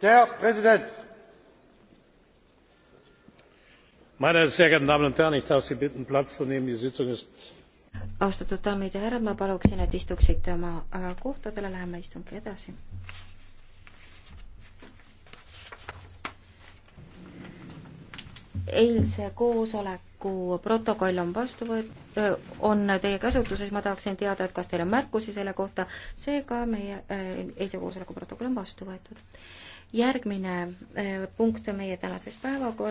herr präsident meine sehr geehrten damen und herren! ich darf sie bitten platz zu nehmen die sitzung ist. austatud daamid ja härrad ma paluksin et istuksite oma äh, kohtadele läheme istungiga edasi. eilse koosoleku koosoleku protokoll on vastu võet-, on teie käsutuses, ma tahaksin teada, et kas teil on märkusi selle kohta, seega meie eilse koosoleku protokoll on vastu võetud. järgmine punkt meie tänases päevakorras